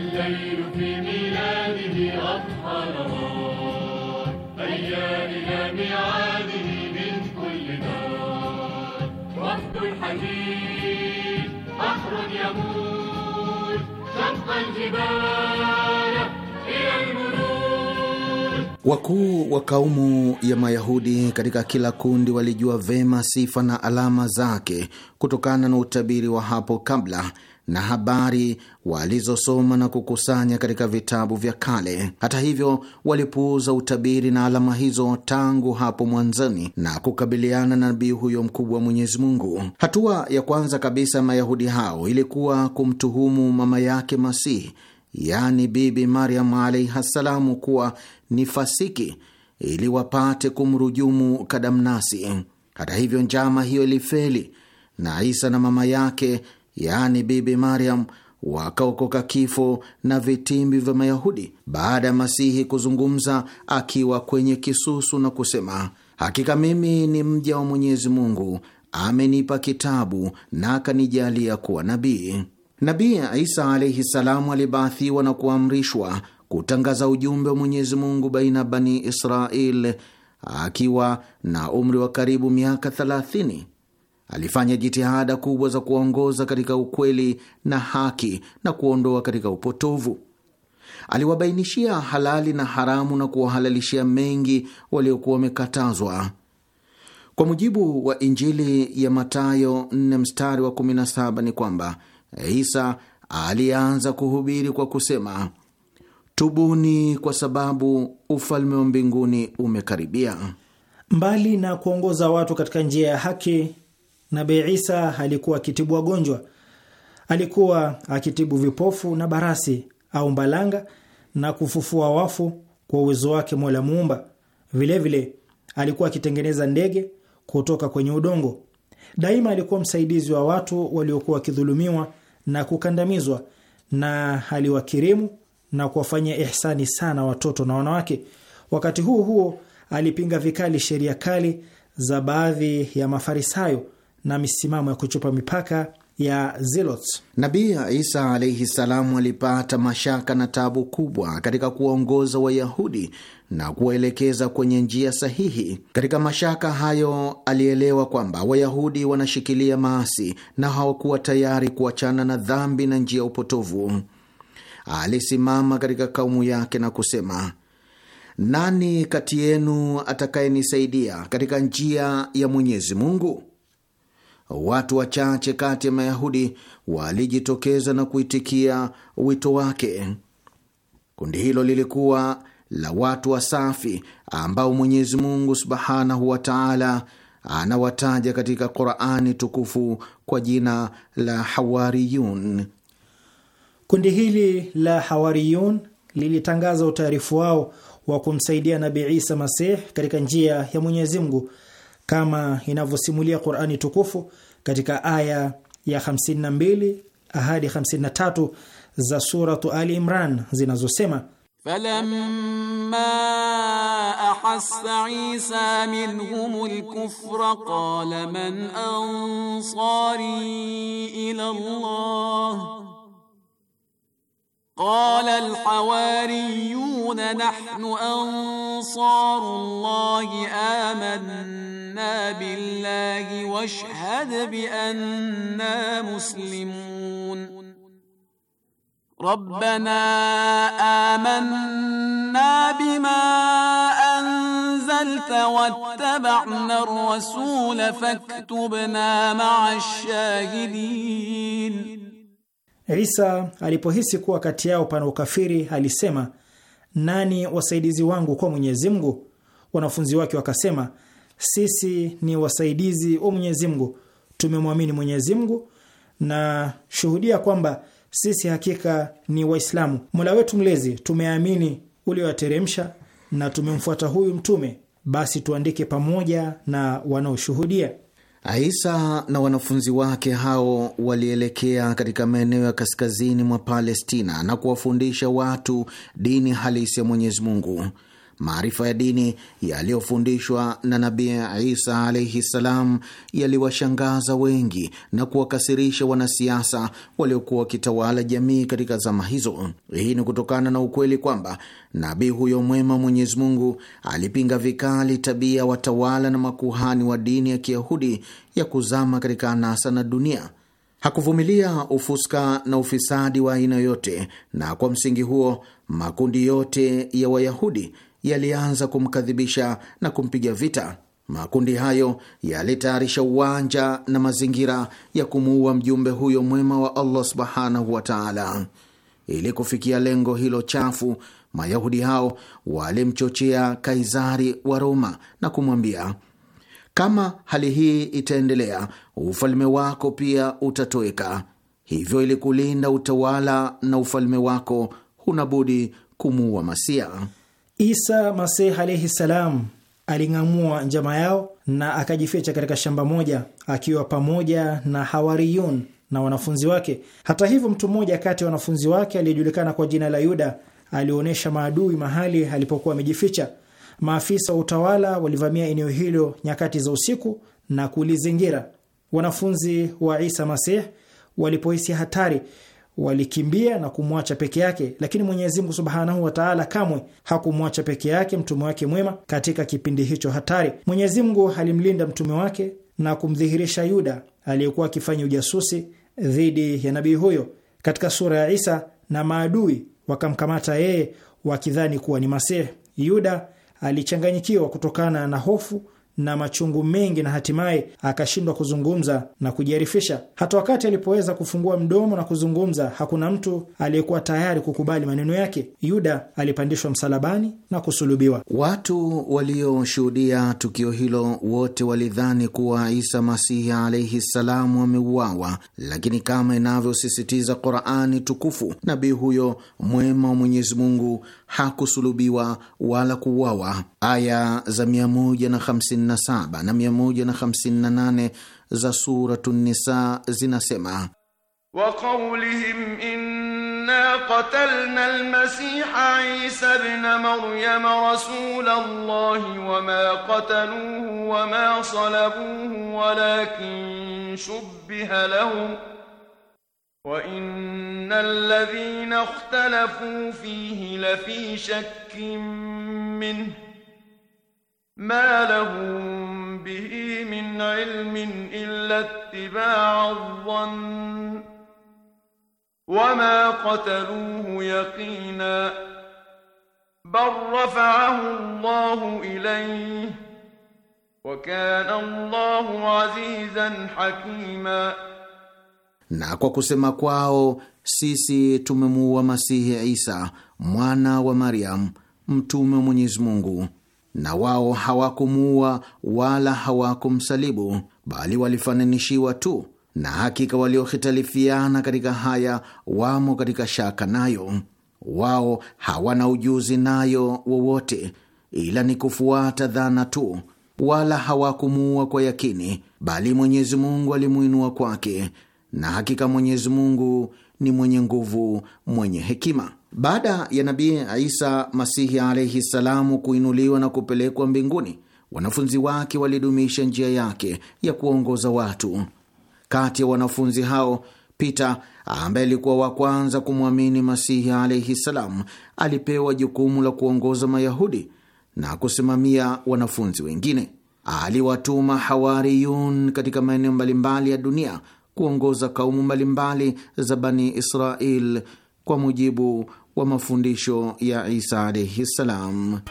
Wakuu wa kaumu ya Mayahudi katika kila kundi walijua vema sifa na alama zake kutokana na utabiri wa hapo kabla na habari walizosoma na kukusanya katika vitabu vya kale. Hata hivyo, walipuuza utabiri na alama hizo tangu hapo mwanzoni na kukabiliana na nabii huyo mkubwa wa Mwenyezi Mungu. Hatua ya kwanza kabisa Mayahudi hao ilikuwa kumtuhumu mama yake Masihi, yaani Bibi Maryam alaihi ssalamu, kuwa ni fasiki ili wapate kumrujumu kadamnasi. Hata hivyo, njama hiyo ilifeli na Isa na mama yake yaani Bibi Mariam wakaokoka kifo na vitimbi vya Mayahudi baada ya Masihi kuzungumza akiwa kwenye kisusu na kusema, hakika mimi ni mja wa Mwenyezi Mungu, amenipa kitabu na akanijalia kuwa nabii. Nabii Isa alaihi salamu alibaathiwa na kuamrishwa kutangaza ujumbe wa Mwenyezi Mungu baina ya Bani Israel akiwa na umri wa karibu miaka 30 alifanya jitihada kubwa za kuongoza katika ukweli na haki na kuondoa katika upotovu. Aliwabainishia halali na haramu na kuwahalalishia mengi waliokuwa wamekatazwa. Kwa mujibu wa Injili ya Matayo 4 mstari wa 17 ni kwamba Isa alianza kuhubiri kwa kusema, tubuni kwa sababu ufalme wa mbinguni umekaribia. Mbali na kuongoza watu katika njia ya haki, Nabii Isa alikuwa akitibu wagonjwa, alikuwa akitibu vipofu na barasi au mbalanga na kufufua wafu kwa uwezo wake Mola Muumba. Vilevile vile, alikuwa akitengeneza ndege kutoka kwenye udongo. Daima alikuwa msaidizi wa watu waliokuwa wakidhulumiwa na kukandamizwa, na aliwakirimu na kuwafanyia ihsani sana watoto na wanawake. Wakati huo huo, alipinga vikali sheria kali za baadhi ya Mafarisayo na misimamo ya kuchupa mipaka ya Zelots. Nabii Isa alaihi salamu alipata mashaka na tabu kubwa katika kuwaongoza Wayahudi na kuwaelekeza kwenye njia sahihi. Katika mashaka hayo, alielewa kwamba Wayahudi wanashikilia maasi na hawakuwa tayari kuachana na dhambi na njia ya upotovu. Alisimama katika kaumu yake na kusema, nani kati yenu atakayenisaidia katika njia ya Mwenyezi Mungu? watu wachache kati ya Mayahudi walijitokeza na kuitikia wito wake. Kundi hilo lilikuwa la watu wasafi ambao Mwenyezi Mungu subhanahu wa taala anawataja katika Qurani tukufu kwa jina la Hawariyun. Kundi hili la Hawariyun lilitangaza utaarifu wao wa kumsaidia Nabi Isa Masih katika njia ya Mwenyezi Mungu kama inavyosimulia Qurani tukufu katika aya ya 52 hadi 53 za Suratu Ali Imran zinazosema Falamma ahassa Isa minhum al-kufra qala man ansari ila Allah قال الحواريون نحن انصار الله امنا بالله واشهد بانا مسلمون ربنا امنا بما انزلت واتبعنا الرسول فاكتبنا مع الشاهدين Isa alipohisi kuwa kati yao pana ukafiri, alisema nani wasaidizi wangu kwa Mwenyezi Mungu? Wanafunzi wake wakasema, sisi ni wasaidizi wa Mwenyezi Mungu, tumemwamini Mwenyezi Mungu na shuhudia kwamba sisi hakika ni Waislamu. Mola wetu Mlezi, tumeamini ulioyateremsha na tumemfuata huyu mtume, basi tuandike pamoja na wanaoshuhudia. Isa na wanafunzi wake hao walielekea katika maeneo ya kaskazini mwa Palestina na kuwafundisha watu dini halisi ya Mwenyezi Mungu. Maarifa ya dini yaliyofundishwa na Nabii Isa alaihi ssalam yaliwashangaza wengi na kuwakasirisha wanasiasa waliokuwa wakitawala jamii katika zama hizo. Hii ni kutokana na ukweli kwamba nabii huyo mwema Mwenyezi Mungu alipinga vikali tabia ya watawala na makuhani wa dini ya Kiyahudi ya kuzama katika anasa na dunia. Hakuvumilia ufuska na ufisadi wa aina yote, na kwa msingi huo makundi yote ya Wayahudi yalianza kumkadhibisha na kumpiga vita. Makundi hayo yalitayarisha uwanja na mazingira ya kumuua mjumbe huyo mwema wa Allah subhanahu wa taala. Ili kufikia lengo hilo chafu, Mayahudi hao walimchochea Kaisari wa Roma na kumwambia, kama hali hii itaendelea, ufalme wako pia utatoweka. Hivyo ili kulinda utawala na ufalme wako, hunabudi kumuua Masia. Isa Masih alaihi salam aling'amua njama yao na akajificha katika shamba moja akiwa pamoja na hawariyun na wanafunzi wake. Hata hivyo, mtu mmoja kati ya wanafunzi wake aliyejulikana kwa jina la Yuda alionyesha maadui mahali alipokuwa amejificha. Maafisa wa utawala walivamia eneo hilo nyakati za usiku na kulizingira. Wanafunzi wa Isa Masih walipohisi hatari, walikimbia na kumwacha peke yake, lakini Mwenyezi Mungu subhanahu wa taala kamwe hakumwacha peke yake mtume wake mwema katika kipindi hicho hatari. Mwenyezi Mungu alimlinda mtume wake na kumdhihirisha Yuda aliyekuwa akifanya ujasusi dhidi ya nabii huyo katika sura ya Isa, na maadui wakamkamata yeye wakidhani kuwa ni Masihi. Yuda alichanganyikiwa kutokana na hofu na machungu mengi na hatimaye akashindwa kuzungumza na kujiarifisha. Hata wakati alipoweza kufungua mdomo na kuzungumza, hakuna mtu aliyekuwa tayari kukubali maneno yake. Yuda alipandishwa msalabani na kusulubiwa. Watu walioshuhudia tukio hilo wote walidhani kuwa Isa Masihi alaihi ssalamu ameuawa, lakini kama inavyosisitiza Qurani tukufu, nabii huyo mwema wa Mwenyezi Mungu hakusulubiwa wala kuuawa. Aya za 150 157 na 158 za Suratu Nisa zinasema وقولهم إنا قتلنا المسيح عيسى ابن مريم رسول الله وما قتلوه وما صلبوه ولكن شبه لهم وإن الذين اختلفوا فيه لفي شك منه ما لهم به من علم إلا اتباع الظن وما قتلوه يقينا بل رفعه الله إليه وكان الله عزيزا حكيما na kwa kusema kwao sisi tumemuua Masihi Isa mwana wa Maryam, mtume wa Mwenyezi Mungu na wao hawakumuua wala hawakumsalibu, bali walifananishiwa tu, na hakika waliohitalifiana katika haya wamo katika shaka nayo. Wao hawana ujuzi nayo wowote, ila ni kufuata dhana tu, wala hawakumuua kwa yakini, bali Mwenyezi Mungu alimwinua kwake, na hakika Mwenyezi Mungu ni mwenye nguvu, mwenye hekima. Baada ya Nabii Isa Masihi alaihi salamu kuinuliwa na kupelekwa mbinguni, wanafunzi wake walidumisha njia yake ya kuongoza watu. Kati ya wanafunzi hao Peter ambaye alikuwa wa kwanza kumwamini Masihi alaihi salamu alipewa jukumu la kuongoza Mayahudi na kusimamia wanafunzi wengine. Aliwatuma hawariyun katika maeneo mbalimbali ya dunia kuongoza kaumu mbalimbali za Bani Israel kwa mujibu wa mafundisho ya Isa alaihi ssalam.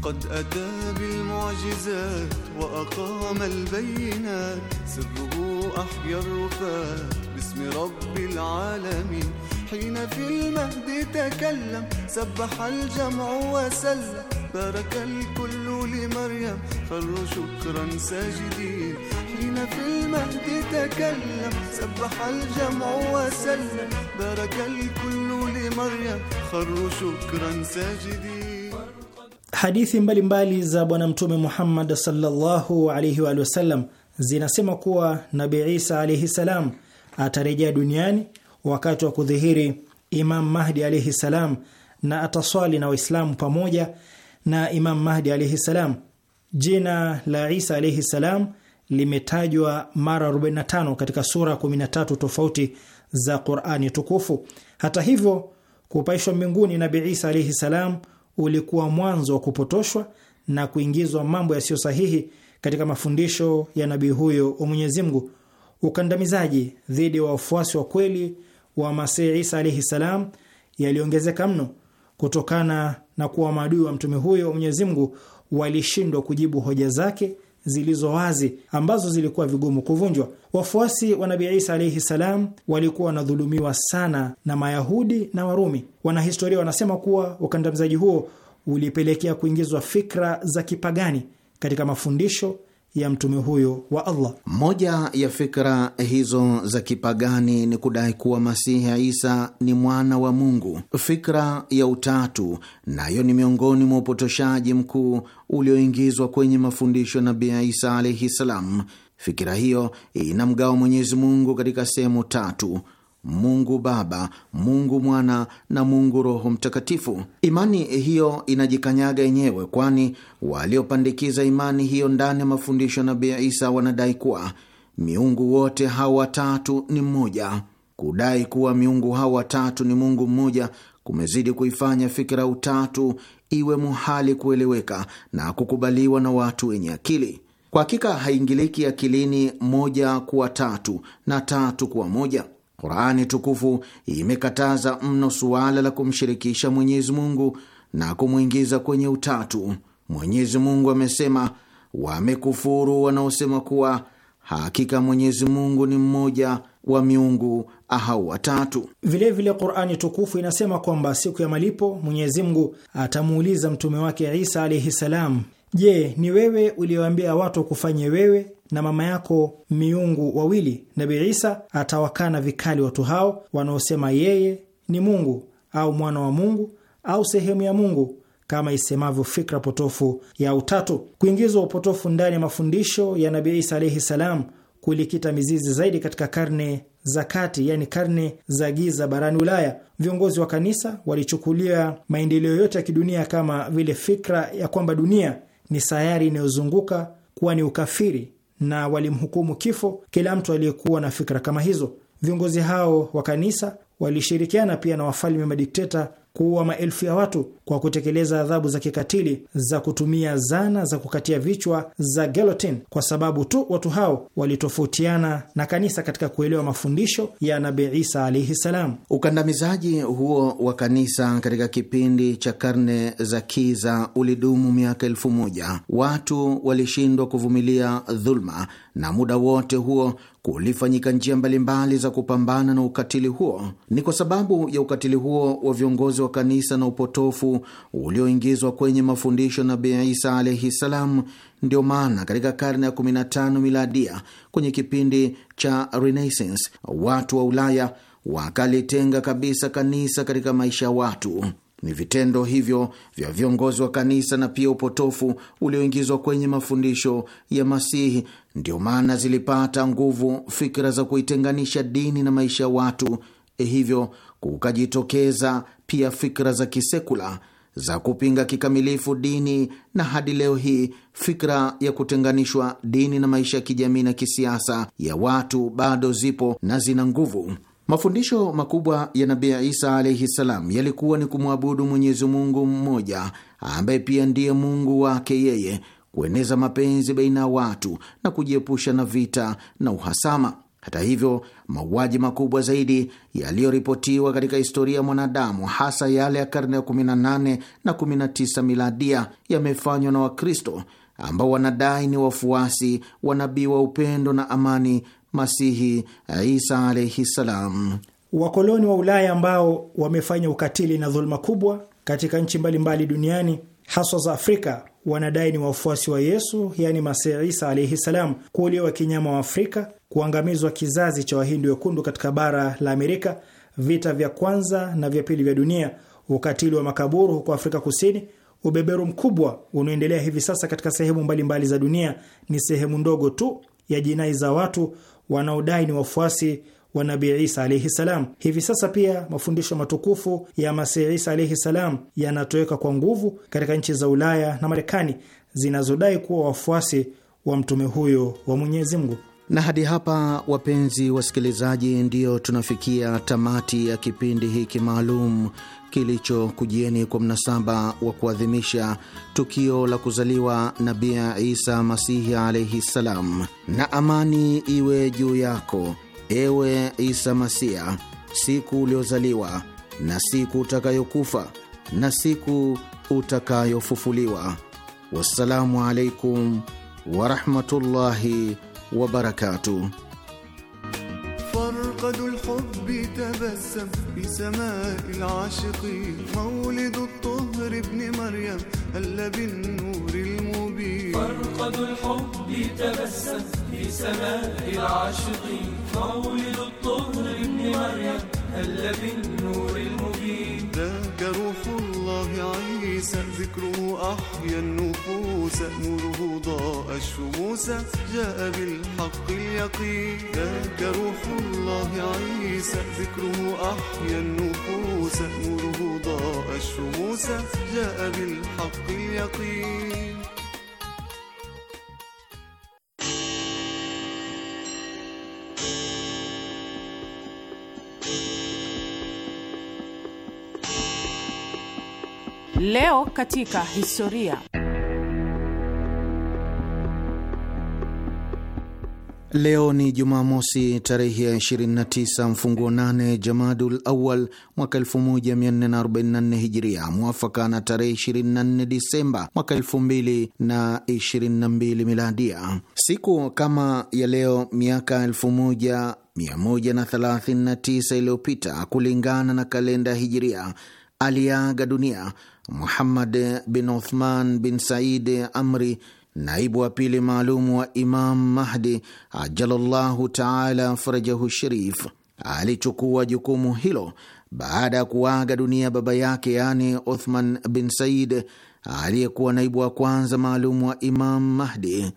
قد أتى بالمعجزات وأقام البينات سره أحيا الرفات باسم رب العالمين حين في المهد تكلم سبح الجمع وسلم بارك الكل لمريم خروا شكرا ساجدين حين في المهد تكلم سبح الجمع وسلم الكل لمريم خروا شكرا ساجدين Hadithi mbalimbali mbali za Bwana Mtume Muhammad sallallahu alaihi wa sallam zinasema kuwa Nabi Isa alaihi salam atarejea duniani wakati wa kudhihiri Imam Mahdi alaihi salam na ataswali na Waislamu pamoja na Imam Mahdi alaihi salam. Jina la Isa alaihi salam limetajwa mara 45 katika sura 13 tofauti za Qur'ani tukufu. Hata hivyo, kupaishwa mbinguni Nabii Isa alaihi salam ulikuwa mwanzo wa kupotoshwa na kuingizwa mambo yasiyo sahihi katika mafundisho ya nabii huyo wa Mwenyezi Mungu. Ukandamizaji dhidi ya wafuasi wa kweli wa Masihi Isa alaihi salam yaliongezeka mno kutokana na kuwa maadui wa mtume huyo wa Mwenyezi Mungu walishindwa kujibu hoja zake zilizo wazi ambazo zilikuwa vigumu kuvunjwa. Wafuasi wa nabi Isa alaihi salam walikuwa wanadhulumiwa sana na Mayahudi na Warumi. Wanahistoria wanasema kuwa ukandamizaji huo ulipelekea kuingizwa fikra za kipagani katika mafundisho ya mtume huyo wa Allah. Moja ya fikra hizo za kipagani ni kudai kuwa Masihi Isa ni mwana wa Mungu. Fikra ya utatu nayo ni miongoni mwa upotoshaji mkuu ulioingizwa kwenye mafundisho ya Nabii Isa alaihi salam Fikira hiyo mgawa Mwenyezi Mungu katika sehemu tatu: Mungu Baba, Mungu Mwana na Mungu Roho Mtakatifu. Imani hiyo inajikanyaga yenyewe, kwani waliopandikiza imani hiyo ndani ya mafundisho ya Nabii Isa wanadai kuwa miungu wote hawa watatu ni mmoja. Kudai kuwa miungu hawa watatu ni Mungu mmoja kumezidi kuifanya fikira utatu iwe muhali kueleweka na kukubaliwa na watu wenye akili. Kwa hakika haingiliki akilini moja kuwa tatu na tatu kuwa moja. Qurani tukufu imekataza mno suala la kumshirikisha Mwenyezi Mungu na kumwingiza kwenye utatu. Mwenyezi Mungu amesema, wamekufuru wanaosema kuwa hakika Mwenyezi Mungu ni mmoja wa miungu ahau watatu. Vilevile, Qurani tukufu inasema kwamba siku ya malipo Mwenyezi Mungu atamuuliza mtume wake Isa alaihi salam Je, ni wewe uliyoambia watu kufanye wewe na mama yako miungu wawili? Nabii Isa atawakana vikali watu hao wanaosema yeye ni Mungu au mwana wa Mungu au sehemu ya Mungu kama isemavyo fikra potofu ya utatu. Kuingizwa upotofu ndani ya mafundisho ya Nabii Isa alaihi salam kulikita mizizi zaidi katika karne za kati, yani karne za giza barani Ulaya. Viongozi wa kanisa walichukulia maendeleo yote ya kidunia kama vile fikra ya kwamba dunia ni sayari inayozunguka kuwa ni ukafiri na walimhukumu kifo kila mtu aliyekuwa na fikra kama hizo. Viongozi hao wa kanisa walishirikiana pia na wafalme madikteta kuua maelfu ya watu kwa kutekeleza adhabu za kikatili za kutumia zana za kukatia vichwa za gelotin kwa sababu tu watu hao walitofautiana na kanisa katika kuelewa mafundisho ya nabi Isa alaihi salam. Ukandamizaji huo wa kanisa katika kipindi cha karne za kiza ulidumu miaka elfu moja. Watu walishindwa kuvumilia dhuluma na muda wote huo kulifanyika njia mbalimbali za kupambana na ukatili huo. Ni kwa sababu ya ukatili huo wa viongozi wa kanisa na upotofu ulioingizwa kwenye mafundisho Nabii Isa alaihi salam, ndio maana katika karne ya 15 miladia, kwenye kipindi cha Renaissance, watu wa Ulaya wakalitenga kabisa kanisa katika maisha ya watu. Ni vitendo hivyo vya viongozi wa kanisa na pia upotofu ulioingizwa kwenye mafundisho ya Masihi ndio maana zilipata nguvu fikra za kuitenganisha dini na maisha ya watu, e, hivyo kukajitokeza pia fikra za kisekula za kupinga kikamilifu dini, na hadi leo hii fikra ya kutenganishwa dini na maisha ya kijamii na kisiasa ya watu bado zipo na zina nguvu. Mafundisho makubwa ya Nabii Isa alaihi salam yalikuwa ni kumwabudu Mwenyezi Mungu mmoja ambaye pia ndiye Mungu wake yeye, kueneza mapenzi baina ya watu na kujiepusha na vita na uhasama. Hata hivyo, mauaji makubwa zaidi yaliyoripotiwa katika historia ya mwanadamu, hasa yale ya karne ya 18 na 19 miladia, yamefanywa na Wakristo ambao wanadai ni wafuasi wa nabii wa upendo na amani Masihi Isa alaihi ssalam. Wakoloni wa Ulaya ambao wamefanya ukatili na dhuluma kubwa katika nchi mbalimbali duniani haswa za Afrika wanadai ni wafuasi wa Yesu, yaani Masihi Isa alaihi ssalam, kuuliwa kinyama wa Afrika, kuangamizwa kizazi cha Wahindi wekundu katika bara la Amerika, vita vya kwanza na vya pili vya dunia, ukatili wa makaburu huko Afrika Kusini, ubeberu mkubwa unaoendelea hivi sasa katika sehemu mbalimbali mbali za dunia, ni sehemu ndogo tu ya jinai za watu wanaodai ni wafuasi wa Nabii Isa alaihi salam. Hivi sasa pia mafundisho matukufu ya Masihi Isa alaihi salam yanatoweka kwa nguvu katika nchi za Ulaya na Marekani zinazodai kuwa wafuasi wa mtume huyo wa Mwenyezi Mungu. Na hadi hapa, wapenzi wasikilizaji, ndiyo tunafikia tamati ya kipindi hiki maalum kilichokujieni kwa mnasaba wa kuadhimisha tukio la kuzaliwa Nabii Isa Masihi alaihi ssalam. Na amani iwe juu yako, ewe Isa Masia, siku uliozaliwa na siku utakayokufa na siku utakayofufuliwa. Wassalamu alaikum warahmatullahi wabarakatuh. تبسم بسماء العاشقين مولد الطهر ابن مريم هل بالنور المبين فرقد الحب تبسم بسماء العاشقين مولد الطهر ابن مريم هل بالنور ليس ذكره أحيا النفوس نوره ضاء الشموس جاء بالحق اليقين ذاك روح الله عيسى ذكره أحيا النفوس نوره ضاء الشموس جاء بالحق اليقين Leo katika historia. Leo ni Jumamosi tarehe ya 29 mfunguo 8 Jamadul Awal mwaka 1444 Hijiria, mwafaka na tarehe 24 Disemba mwaka 2022 Miladia. Siku kama ya leo miaka 1139 iliyopita kulingana na kalenda Hijiria aliaga dunia Muhammad bin Uthman bin said Amri, naibu wa pili maalum wa Imam Mahdi ajalallahu taala farajahu sharif, alichukua jukumu hilo baada ya kuaga dunia baba yake, yaani Uthman bin Said aliyekuwa naibu wa kwanza maalumu wa Imam Mahdi.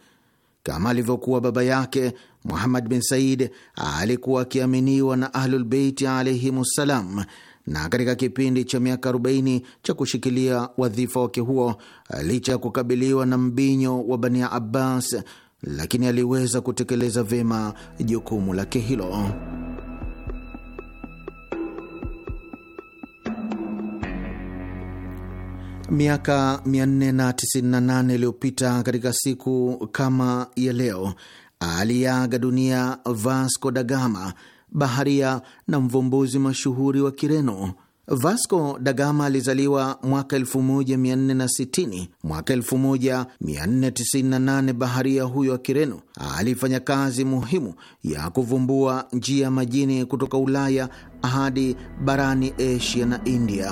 Kama alivyokuwa baba yake, Muhammad bin Said alikuwa akiaminiwa na Ahlulbeiti alaihimussalam na katika kipindi cha miaka 40 cha kushikilia wadhifa wake huo, licha ya kukabiliwa na mbinyo wa Bani Abbas, lakini aliweza kutekeleza vyema jukumu lake hilo. Miaka 498 iliyopita katika siku kama ya leo aliaga dunia Vasco da Gama, baharia na mvumbuzi mashuhuri wa Kireno. Vasco da Gama alizaliwa mwaka 1460. Mwaka 1498 baharia huyo wa Kireno alifanya kazi muhimu ya kuvumbua njia majini kutoka Ulaya hadi barani Asia na India.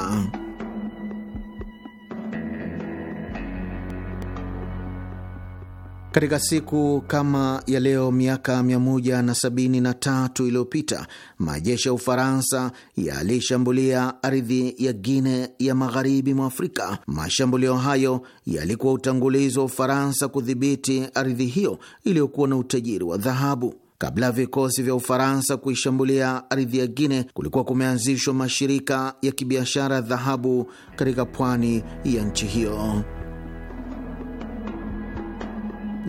Katika siku kama ya leo miaka 173 iliyopita majeshi ya Ufaransa yalishambulia ardhi ya Guine ya magharibi mwa Afrika. Mashambulio hayo yalikuwa utangulizi wa Ufaransa kudhibiti ardhi hiyo iliyokuwa na utajiri wa dhahabu. Kabla ya vikosi vya Ufaransa kuishambulia ardhi ya Guine, kulikuwa kumeanzishwa mashirika ya kibiashara ya dhahabu katika pwani ya nchi hiyo.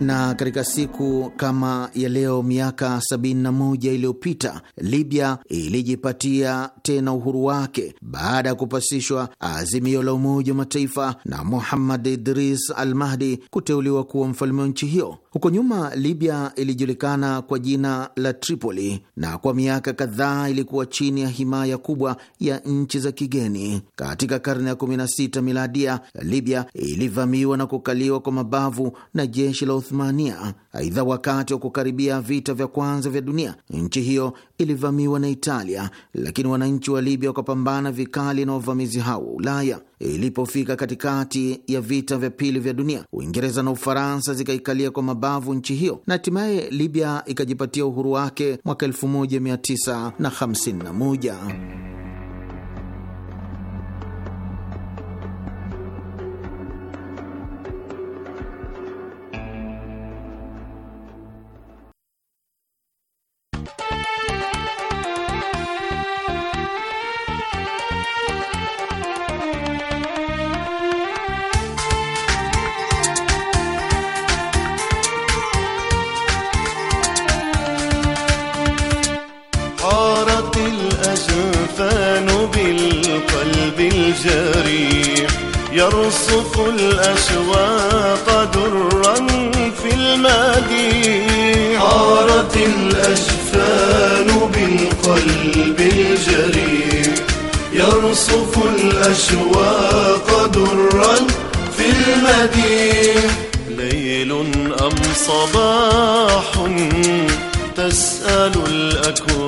Na katika siku kama ya leo miaka 71 iliyopita Libya ilijipatia tena uhuru wake baada ya kupasishwa azimio la Umoja wa Mataifa na Muhammad Idris Al Mahdi kuteuliwa kuwa mfalme wa nchi hiyo. Huko nyuma Libya ilijulikana kwa jina la Tripoli na kwa miaka kadhaa ilikuwa chini ya himaya kubwa ya nchi za kigeni. Katika karne ya 16 miladia, Libya ilivamiwa na kukaliwa kwa mabavu na jeshi la Uthmania. Aidha, wakati wa kukaribia vita vya kwanza vya dunia, nchi hiyo ilivamiwa na Italia, lakini wananchi wa Libya wakapambana vikali na wavamizi hao wa Ulaya. Ilipofika katikati ya vita vya pili vya dunia, Uingereza na Ufaransa zikaikalia kwa mabavu nchi hiyo na hatimaye Libya ikajipatia uhuru wake mwaka 1951. يرصف الأشواق درا في المادي حارت الأجفان بالقلب الجريح يرصف الأشواق درا في المديح ليل أم صباح تسأل الأكوان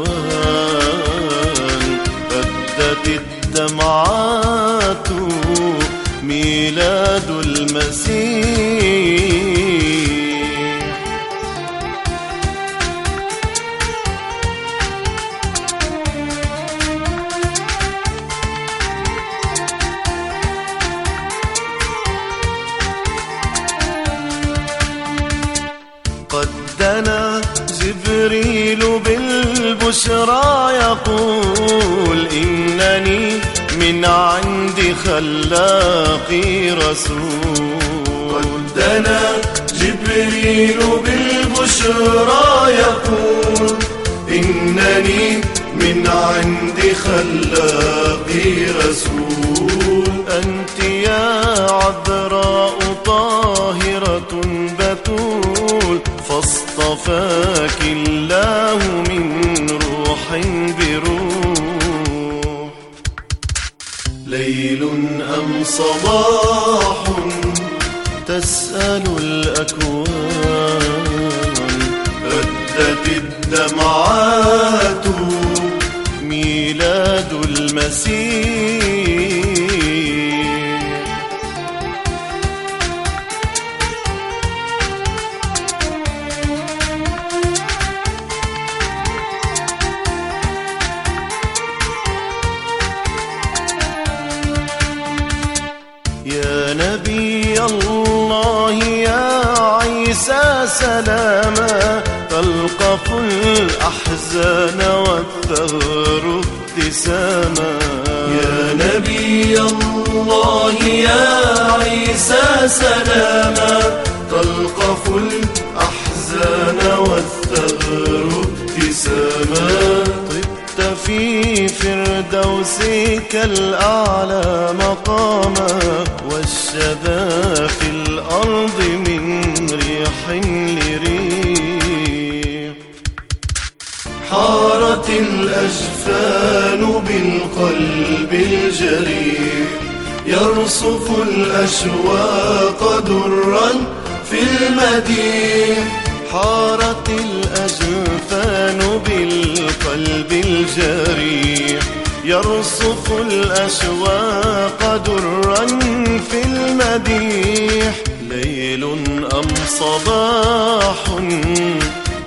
بدت الدمعات ميلاد المسيح قد دنا جبريل بالبشرى يقول إنني من عند خلاقي رسول قدنا جبريل بالبشرى يقول إنني من عند خلاقي رسول أنت يا عذراء طاهرة بتول فاصطفاك الله من روح بروح ليل أم صباح تسأل الأكوان ردت الدمعات ميلاد المسيح الأحزان والثغر ابتساما يا نبي الله يا عيسى سلاما تلقف الأحزان والثغر ابتساما طبت في فردوسك الأعلى مقاما والشذا في الأرض من ريح لي حارت الأجفان بالقلب الجريح يرصف الأشواق درا في المدين حارت الأجفان بالقلب الجريح يرصف الأشواق درا في المديح ليل أم صباح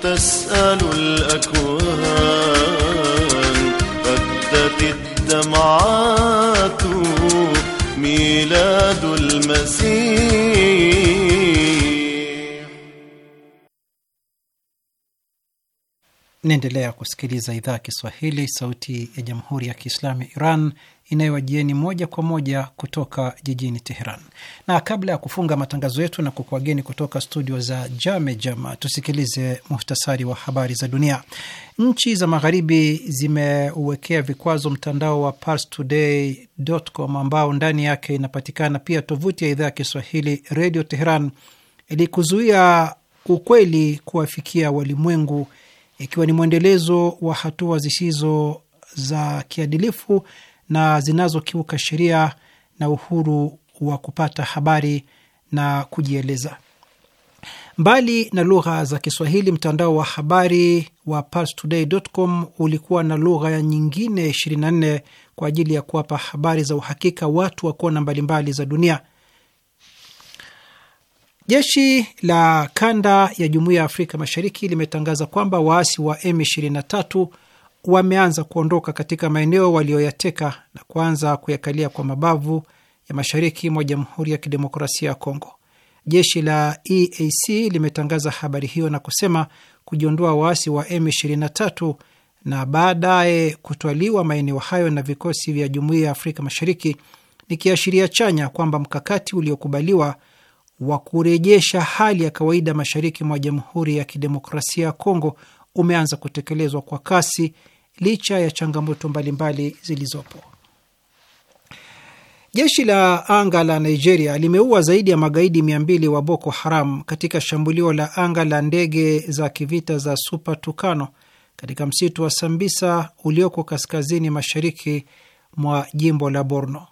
تسأل الأكوان بدت الدمعات ميلاد المسيح naendelea kusikiliza idhaa ya Kiswahili sauti ya Jamhuri ya Kiislamu ya Iran inayowajieni moja kwa moja kutoka jijini Teheran. Na kabla ya kufunga matangazo yetu na kukuageni kutoka studio za Jama, tusikilize muhtasari wa habari za dunia. Nchi za magharibi zimeuwekea vikwazo mtandao wa parstoday.com ambao ndani yake inapatikana pia tovuti ya idhaa ya Kiswahili redio Teheran ili kuzuia ukweli kuwafikia walimwengu, ikiwa ni mwendelezo wa hatua zisizo za kiadilifu na zinazokiuka sheria na uhuru wa kupata habari na kujieleza. Mbali na lugha za Kiswahili, mtandao wa habari wa parstoday.com ulikuwa na lugha nyingine 24 kwa ajili ya kuwapa habari za uhakika watu wa kona mbalimbali za dunia. Jeshi la kanda ya Jumuiya ya Afrika Mashariki limetangaza kwamba waasi wa M23 wameanza kuondoka katika maeneo walioyateka na kuanza kuyakalia kwa mabavu ya mashariki mwa Jamhuri ya Kidemokrasia ya Kongo. Jeshi la EAC limetangaza habari hiyo na kusema kujiondoa waasi wa M23 na baadaye kutwaliwa maeneo hayo na vikosi vya Jumuiya ya Afrika Mashariki ni kiashiria chanya kwamba mkakati uliokubaliwa wa kurejesha hali ya kawaida mashariki mwa Jamhuri ya Kidemokrasia ya Kongo umeanza kutekelezwa kwa kasi licha ya changamoto mbalimbali zilizopo. Jeshi la anga la Nigeria limeua zaidi ya magaidi 200 wa Boko Haram katika shambulio la anga la ndege za kivita za Super Tucano katika msitu wa Sambisa ulioko kaskazini mashariki mwa jimbo la Borno.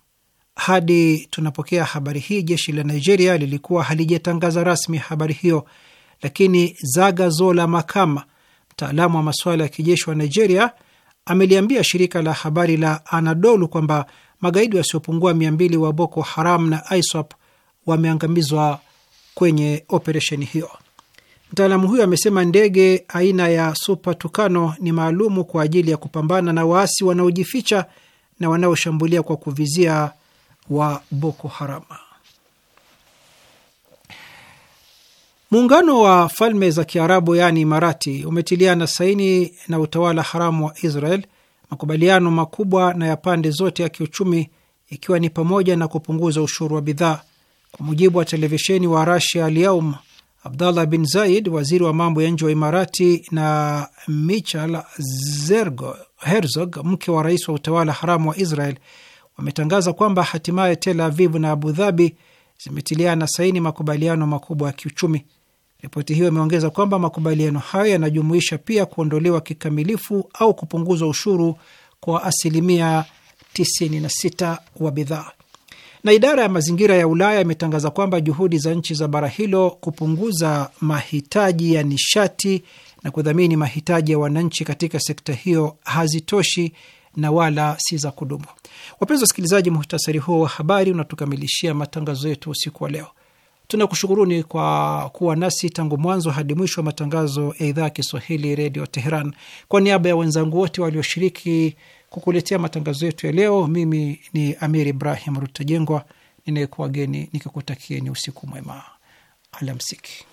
Hadi tunapokea habari hii, jeshi la Nigeria lilikuwa halijatangaza rasmi habari hiyo, lakini Zaga Zola Makama, mtaalamu wa masuala ya kijeshi wa Nigeria, ameliambia shirika la habari la Anadolu kwamba magaidi wasiopungua mia mbili wa Boko Haram na ISWAP wameangamizwa kwenye operesheni hiyo. Mtaalamu huyo amesema ndege aina ya Super Tucano ni maalumu kwa ajili ya kupambana na waasi wanaojificha na wanaoshambulia kwa kuvizia wa Boko Haram. Muungano wa falme za Kiarabu yaani Imarati umetiliana saini na utawala haramu wa Israel makubaliano makubwa na ya pande zote ya kiuchumi, ikiwa ni pamoja na kupunguza ushuru wa bidhaa. Kwa mujibu wa televisheni wa Rasia Alyaum, Abdallah bin Zaid, waziri wa mambo ya nje wa Imarati, na Michal Zergo, Herzog, mke wa rais wa utawala haramu wa Israel, wametangaza kwamba hatimaye Tel avivu na Abu Dhabi zimetiliana saini makubaliano makubwa ya kiuchumi. Ripoti hiyo imeongeza kwamba makubaliano hayo yanajumuisha pia kuondolewa kikamilifu au kupunguzwa ushuru kwa asilimia 96 wa bidhaa. Na idara ya mazingira ya Ulaya imetangaza kwamba juhudi za nchi za bara hilo kupunguza mahitaji ya nishati na kudhamini mahitaji ya wananchi katika sekta hiyo hazitoshi na wala si za kudumu. Wapenzi wasikilizaji, muhtasari huo wa habari unatukamilishia matangazo yetu usiku wa leo. Tunakushukuruni kwa kuwa nasi tangu mwanzo hadi mwisho wa matangazo ya idhaa ya Kiswahili Redio Teheran. Kwa niaba ya wenzangu wote walioshiriki kukuletea matangazo yetu ya leo, mimi ni Amir Ibrahim Rutajengwa geni nikikutakieni usiku mwema, alamsiki.